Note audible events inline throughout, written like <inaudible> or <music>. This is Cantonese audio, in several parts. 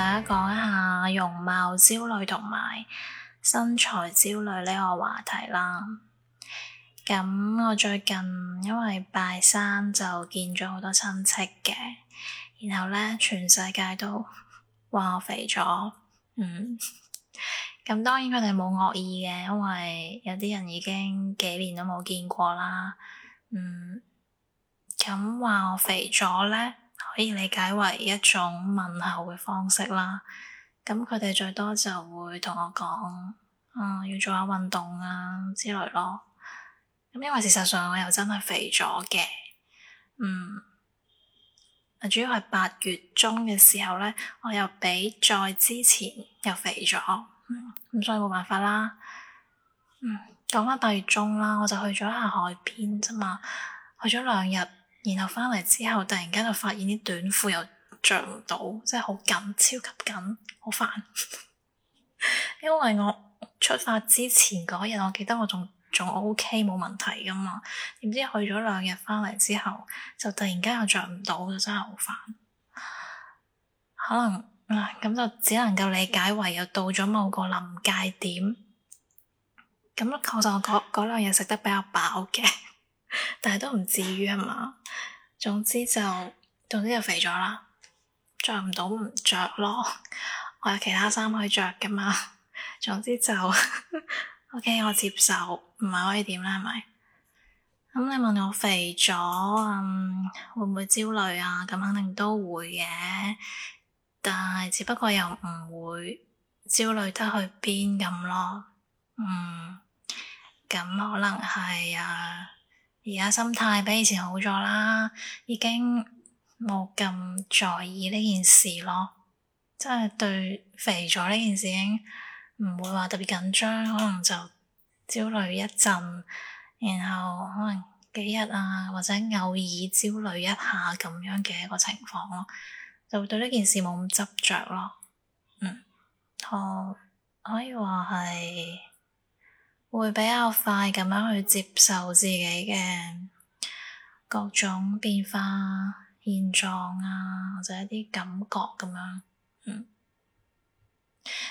大家講一下容貌焦慮同埋身材焦慮呢個話題啦。咁我最近因為拜山就見咗好多親戚嘅，然後咧全世界都話我肥咗。嗯，咁 <laughs> 當然佢哋冇惡意嘅，因為有啲人已經幾年都冇見過啦。嗯，咁話我肥咗咧。可以理解為一種問候嘅方式啦，咁佢哋最多就會同我講，啊、嗯，要做下運動啊之類咯，咁因為事實上我又真係肥咗嘅，嗯，主要係八月中嘅時候咧，我又比再之前又肥咗，嗯，咁、嗯、所以冇辦法啦，嗯，講翻八月中啦，我就去咗下海邊啫嘛，去咗兩日。然後翻嚟之後，突然間就發現啲短褲又着唔到，真係好緊，超級緊，好煩。 <laughs> 因為我出發之前嗰日，我記得我仲仲 O K 冇問題噶嘛，點知去咗兩日翻嚟之後，就突然間又着唔到，就真係好煩。可能、啊、咁就只能夠理解為又到咗某個臨界點。咁我就嗰嗰兩日食得比較飽嘅。 <laughs> 但係都唔至於係嘛，總之就總之就肥咗啦，着唔到唔着咯。我有其他衫可以着噶嘛，總之就 <laughs> OK，我接受唔係可以點啦？係咪？咁你問我肥咗嗯，會唔會焦慮啊？咁肯定都會嘅，但係只不過又唔會焦慮得去邊咁咯。嗯，咁可能係啊。而家心態比以前好咗啦，已經冇咁在意呢件事咯，即係對肥咗呢件事已經唔會話特別緊張，可能就焦慮一陣，然後可能幾日啊或者偶爾焦慮一下咁樣嘅一個情況咯，就會對呢件事冇咁執着咯，嗯，可可以話係。會比較快咁樣去接受自己嘅各種變化、現狀啊，或者一啲感覺咁樣、嗯，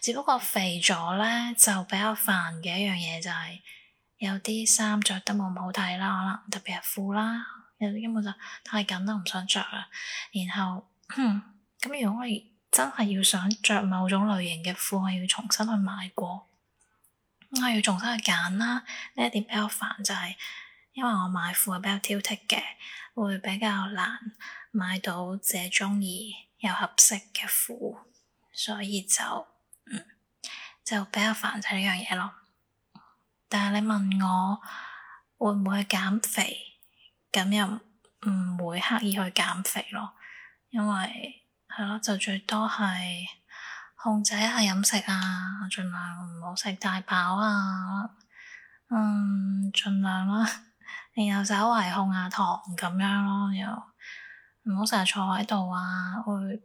只不過肥咗咧就比較煩嘅一樣嘢就係、是、有啲衫着得冇咁好睇啦，可能特別係褲啦，有啲根本就太緊都唔想着啦。然後咁如果我真係要想着某種類型嘅褲，我要重新去買過。我要重新去揀啦，呢一點比較煩就係，因為我買褲係比較挑剔嘅，會比較難買到自己中意又合適嘅褲，所以就，嗯，就比較煩就係呢樣嘢咯。但係你問我會唔會去減肥，咁又唔會刻意去減肥咯，因為係咯，就最多係。控制一下飲食啊，盡量唔好食太飽啊。嗯，盡量啦，然後稍微控下，啊、糖咁樣咯，然後唔好成日坐喺度啊。會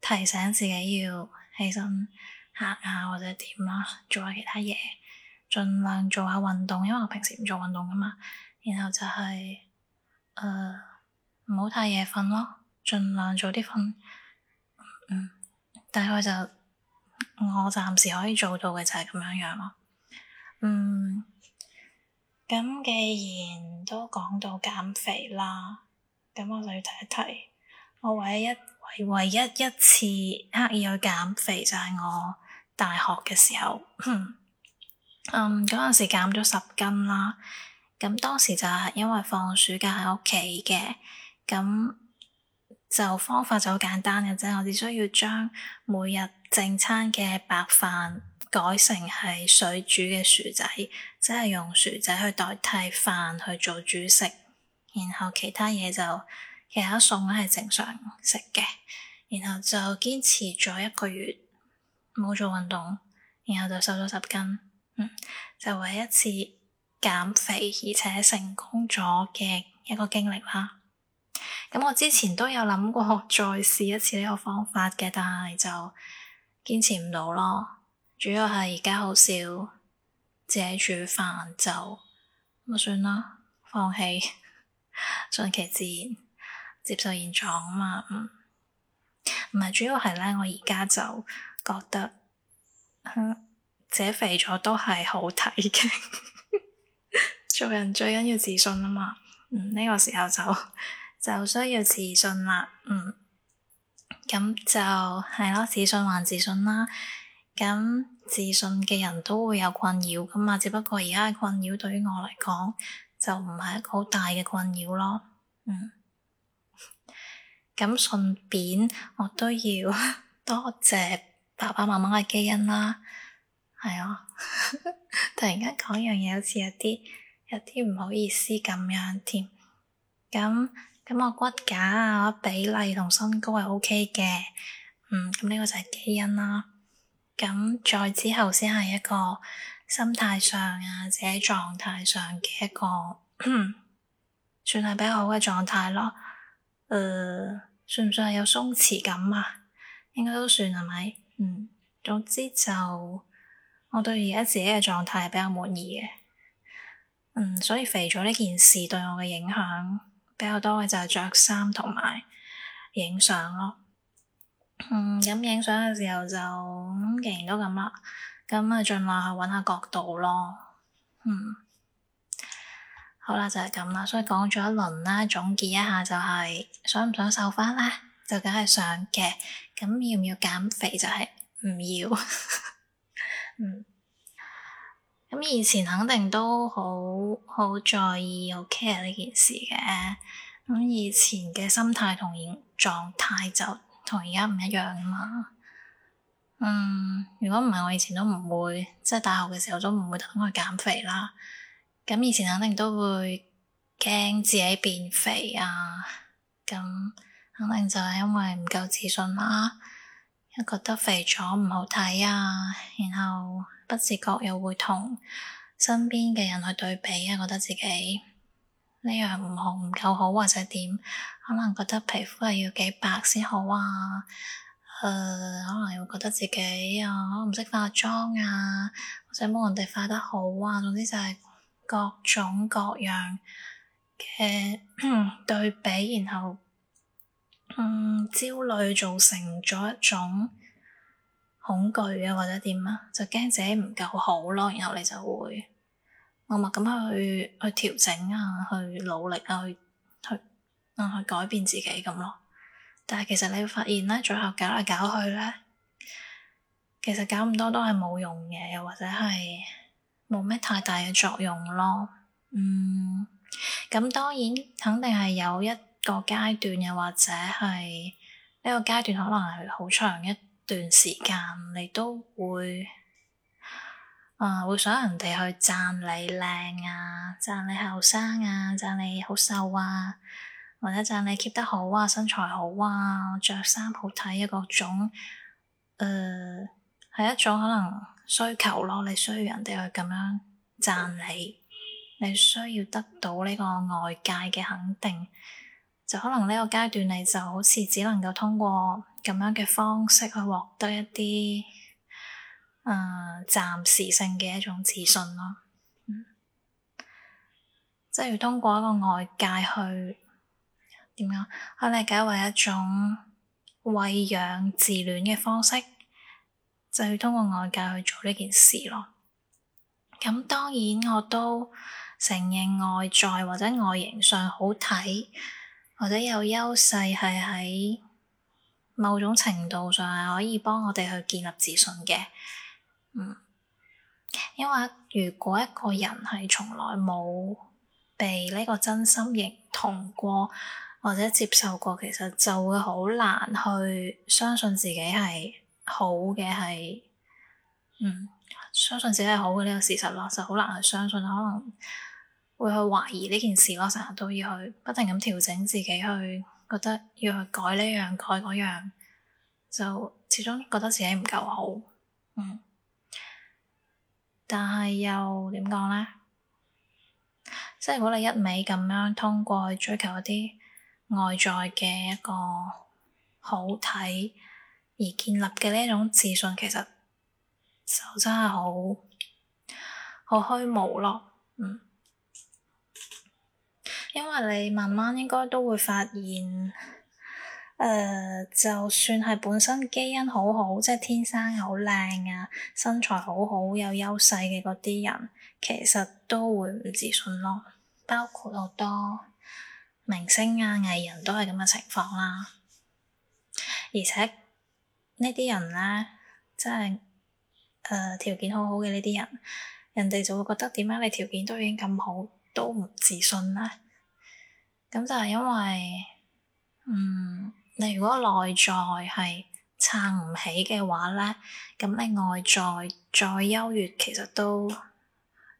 提醒自己要起身行下或者點啦，啊，做下其他嘢，盡量做下運動，因爲我平時唔做運動噶嘛。然後就係誒唔好太夜瞓咯，盡量早啲瞓。嗯，大概就我暫時可以做到嘅就係咁樣樣咯。嗯，咁既然都講到減肥啦，咁我就要提一提，我唯一唯唯一一次刻意去減肥就係我大學嘅時候，哼嗯嗰陣時減咗十斤啦。咁當時就係因為放暑假喺屋企嘅，咁。就方法就好簡單嘅啫，我只需要將每日正餐嘅白飯改成係水煮嘅薯仔，即係用薯仔去代替飯去做主食，然後其他嘢就其他餸係正常食嘅，然後就堅持咗一個月冇做運動，然後就瘦咗十斤，嗯，就唯一次減肥而且成功咗嘅一個經歷啦。咁我之前都有諗過再試一次呢個方法嘅，但係就堅持唔到咯。主要係而家好少自己煮飯，就咪算啦，放棄，順其自然，接受現狀啊嘛。嗯，唔係，主要係咧，我而家就覺得，自己肥咗都係好睇嘅。 <laughs> 做人最緊要自信啊嘛。嗯，呢個時候就。就需要自信啦，嗯，咁就係咯，自信還自信啦，咁、嗯、自信嘅人都會有困擾噶嘛，只不過而家嘅困擾對於我嚟講就唔係一個好大嘅困擾咯，嗯，咁順便我都要 <laughs> 多謝爸爸媽媽嘅基因啦，係啊， <laughs> 突然間講樣嘢好似有啲有啲唔好意思咁樣添，咁、嗯。咁我骨架啊，比例同身高係 OK 嘅，嗯，咁呢個就係基因啦。咁再之後先係一個心態上啊，自己狀態上嘅一個，算係比較好嘅狀態咯。呃，算唔算係有鬆弛感啊？應該都算，係咪？嗯，總之就我對而家自己嘅狀態係比較滿意嘅。嗯，所以肥咗呢件事對我嘅影響比較多嘅就係着衫同埋影相咯，嗯，咁影相嘅時候就咁，既然都咁啦，咁啊盡量去搵下角度咯，嗯，好啦就係咁啦，所以講咗一輪啦，總結一下就係想唔想瘦翻？啦，就梗係想嘅，咁要唔要減肥就係唔要， <laughs> 嗯。咁以前肯定都好好在意、好 care 呢件事嘅。咁以前嘅心態同狀態就同而家唔一樣啊嘛。嗯，如果唔係我以前都唔會，即係大學嘅時候都唔會等佢減肥啦。咁、嗯、以前肯定都會驚自己變肥啊。咁、嗯、肯定就係因為唔夠自信啦、啊，又覺得肥咗唔好睇啊，然後。不自覺又會同身邊嘅人去對比啊，覺得自己呢樣唔好唔夠好，夠好或者點，可能覺得皮膚係要幾白先好啊，誒、呃，可能又覺得自己啊可能唔識化妝啊，或者冇人哋化得好啊，總之就係各種各樣嘅 <coughs> 對比，然後、嗯、焦慮造成咗一種。恐懼啊，或者點啊，就驚自己唔夠好咯，然後你就會默默咁去去調整啊，去努力啊，去去、啊、去改變自己咁咯。但係其實你會發現咧，最後搞嚟搞去咧，其實搞咁多都係冇用嘅，又或者係冇咩太大嘅作用咯。嗯，咁當然肯定係有一個階段，又或者係呢個階段可能係好長一。段時間你都會啊，會想人哋去讚你靚啊，讚你後生啊，讚你好瘦啊，或者讚你 keep 得好啊，身材好啊，着衫好睇啊，各種呃，係一種可能需求咯。你需要人哋去咁樣讚你，你需要得到呢個外界嘅肯定，就可能呢個階段你就好似只能夠通過。咁樣嘅方式去獲得一啲誒暫時性嘅一種自信咯，嗯，即係要通過一個外界去點樣，我理解為一種餵養自戀嘅方式，就要通過外界去做呢件事咯。咁、嗯、當然我都承認外在或者外形上好睇，或者有優勢係喺。某種程度上係可以幫我哋去建立自信嘅，嗯，因為如果一個人係從來冇被呢個真心認同過，或者接受過，其實就會好難去相信自己係好嘅，係嗯，相信自己係好嘅呢個事實咯，就好難去相信，可能會去懷疑呢件事咯，成日都要去不停咁調整自己去，覺得要去改呢樣改嗰樣，就始終覺得自己唔夠好，嗯。但係又點講咧？即係如果你一味咁樣通過去追求一啲外在嘅一個好睇而建立嘅呢一種自信，其實就真係好好虛無咯。因為你慢慢應該都會發現，誒、呃，就算係本身基因好好，即係天生好靚啊，身材好好有優勢嘅嗰啲人，其實都會唔自信咯。包括好多明星啊、藝人都係咁嘅情況啦。而且呢啲人咧，即係誒條件好好嘅呢啲人，人哋就會覺得點解你條件都已經咁好，都唔自信咧？咁就係因為，嗯，你如果內在係撐唔起嘅話咧，咁你外在再優越，其實都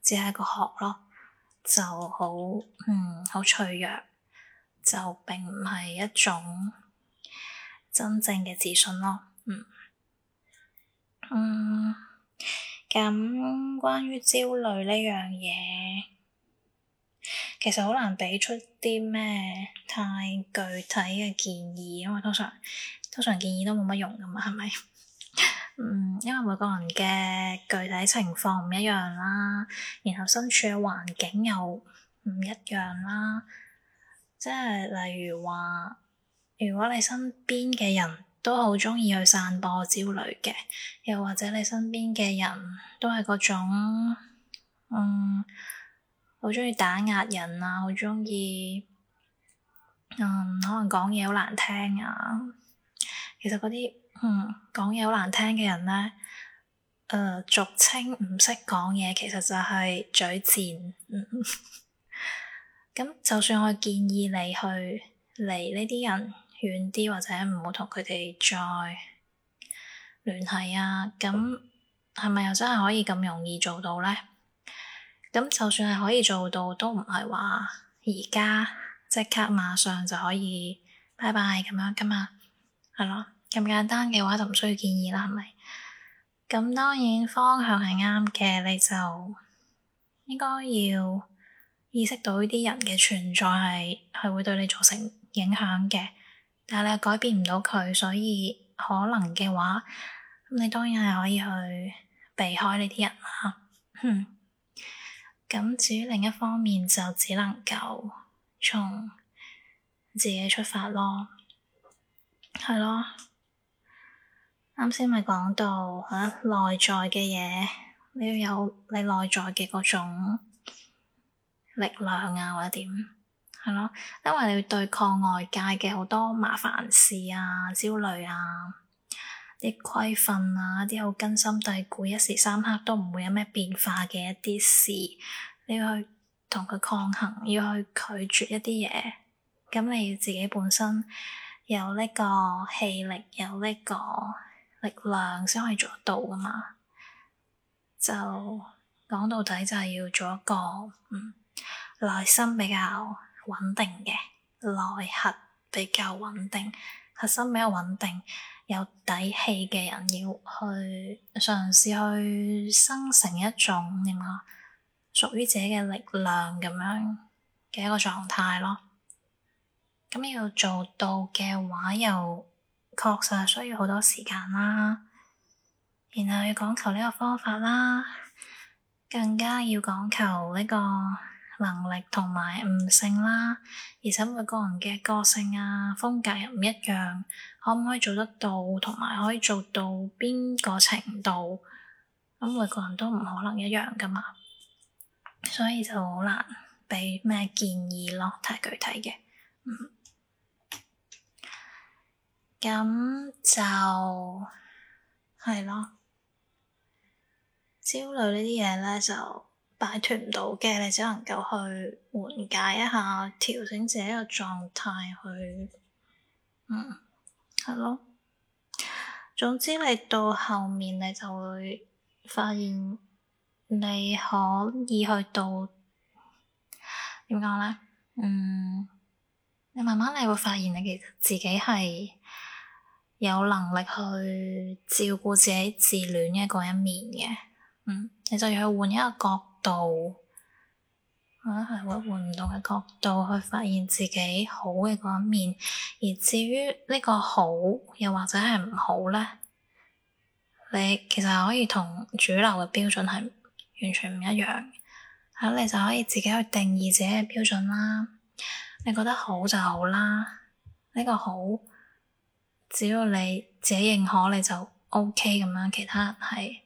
只係個殼咯，就好，嗯，好脆弱，就並唔係一種真正嘅自信咯，嗯，嗯，咁關於焦慮呢樣嘢。其實好難畀出啲咩太具體嘅建議，因為通常通常建議都冇乜用㗎嘛，係咪？嗯，因為每個人嘅具體情況唔一樣啦，然後身處嘅環境又唔一樣啦，即係例如話，如果你身邊嘅人都好鍾意去散播焦慮嘅，又或者你身邊嘅人都係嗰種，嗯。好鍾意打壓人啊！好鍾意，嗯，可能講嘢好難聽啊。其實嗰啲嗯講嘢好難聽嘅人咧，誒、呃，俗稱唔識講嘢，其實就係嘴賤。咁、嗯、 <laughs> 就算我建議你去離呢啲人遠啲，或者唔好同佢哋再聯繫啊，咁係咪又真係可以咁容易做到咧？咁就算係可以做到，都唔係話而家即刻馬上就可以拜拜咁樣噶嘛，係咯。咁簡單嘅話就唔需要建議啦，係咪？咁當然方向係啱嘅，你就應該要意識到呢啲人嘅存在係係會對你造成影響嘅，但係你又改變唔到佢，所以可能嘅話咁你當然係可以去避開呢啲人啦哼。咁至於另一方面，就只能夠從自己出發咯，係咯。啱先咪講到嚇、啊、內在嘅嘢，你要有你內在嘅嗰種力量啊，或者點，係咯，因為你要對抗外界嘅好多麻煩事啊、焦慮啊。啲規訓啊，啲好根深蒂固、一時三刻都唔會有咩變化嘅一啲事，你要去同佢抗衡，要去拒絕一啲嘢，咁你要自己本身有呢個氣力，有呢個力量先可以做得到噶嘛。就講到底，就係要做一個嗯，內心比較穩定嘅，內核比較穩定，核心比較穩定。有底氣嘅人要去嘗試去生成一種點講，嗯、屬於自己嘅力量咁樣嘅一個狀態咯。咁要做到嘅話，又確實係需要好多時間啦。然後要講求呢個方法啦，更加要講求呢個能力同埋悟性啦，而且每個人嘅個性啊、風格又唔一樣，可唔可以做得到，同埋可以做到邊個程度，咁每個人都唔可能一樣噶嘛，所以就好難畀咩建議咯，太具體嘅，咁、嗯、就係咯，焦慮呢啲嘢咧就。擺脫唔到嘅，你只能夠去緩解一下，調整自己嘅狀態去，嗯，係咯。總之，你到後面你就會發現你可以去到點講咧，嗯，你慢慢你會發現你其實自己係有能力去照顧自己自戀嘅嗰一面嘅，嗯，你就要去換一個角度，啊，係換唔同嘅角度去發現自己好嘅嗰一面。而至於呢個好又或者係唔好咧，你其實可以同主流嘅標準係完全唔一樣。啊，你就可以自己去定義自己嘅標準啦。你覺得好就好啦，呢個好，只要你自己認可你就 O K 咁樣，其他人係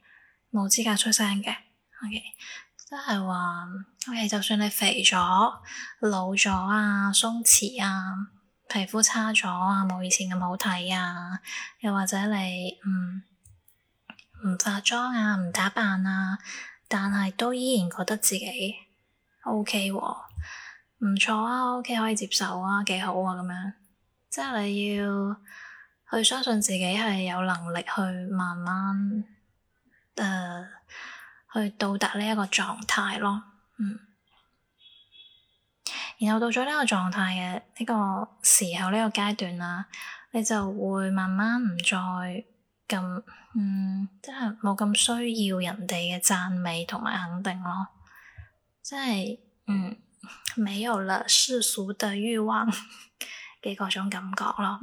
冇資格出聲嘅。O K。即係話，我哋就，就算你肥咗、老咗啊、鬆弛啊、皮膚差咗啊、冇以前咁好睇啊，又或者你唔唔化妝啊、唔打扮啊，但係都依然覺得自己 OK，唔錯啊，啊，O、OK，K 可以接受啊，幾好啊，咁樣，即係你要去相信自己係有能力去慢慢誒。呃去到達呢一個狀態咯，嗯，然後到咗呢個狀態嘅呢個時候、呢個階段啦、啊，你就會慢慢唔再咁，嗯，即係冇咁需要人哋嘅讚美同埋肯定咯，即係嗯，沒有咗世俗嘅欲望嘅嗰種感覺咯。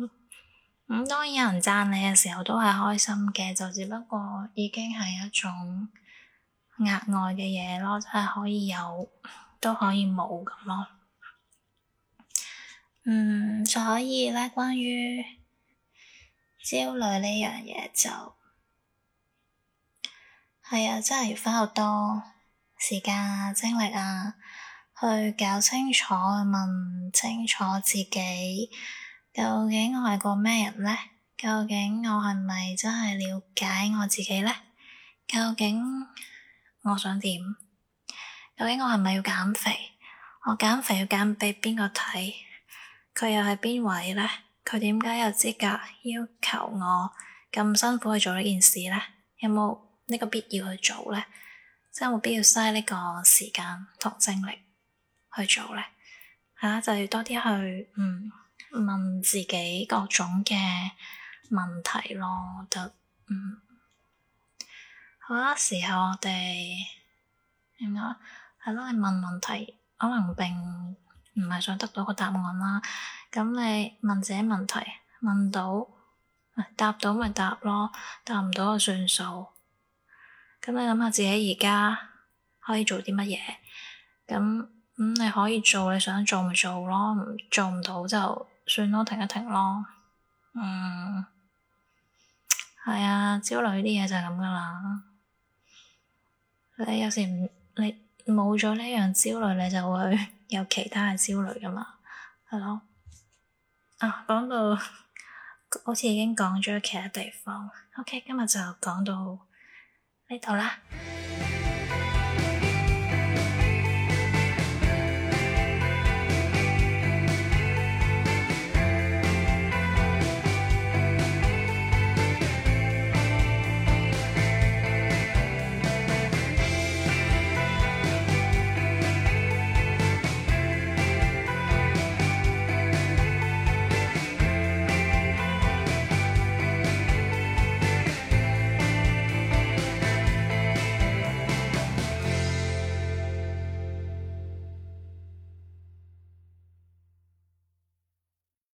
咁、嗯、當然有人讚你嘅時候，都係開心嘅，就只不過已經係一種額外嘅嘢咯，就係可以有，都可以冇咁咯。嗯，所以咧，關於焦慮呢樣嘢，就係啊，真係要花好多時間啊、精力啊，去搞清楚，問清楚自己究竟我係個咩人咧？究竟我係咪真係了解我自己咧？究竟？我想點？究竟我係咪要減肥？我減肥要減俾邊個睇？佢又係邊位咧？佢點解有資格要求我咁辛苦去做呢件事咧？有冇呢個必要去做咧？即係冇必要嘥呢個時間同精力去做咧？係、啊、啦，就要多啲去嗯問自己各種嘅問題咯，我覺得嗯。嗰個時候我哋點講係咯？你問問題可能並唔係想得到個答案啦。咁你問自己問題，問到，答到咪答咯，答唔到就算數。咁你諗下自己而家可以做啲乜嘢？咁咁你可以做你想做咪做咯，做唔到就算咯，停一停咯。嗯，係啊，焦慮啲嘢就係咁噶啦。你有時唔，你冇咗呢樣焦慮，你就會有其他嘅焦慮㗎嘛，係咯。啊，講到好似已經講咗其他地方。OK，今日就講到呢度啦。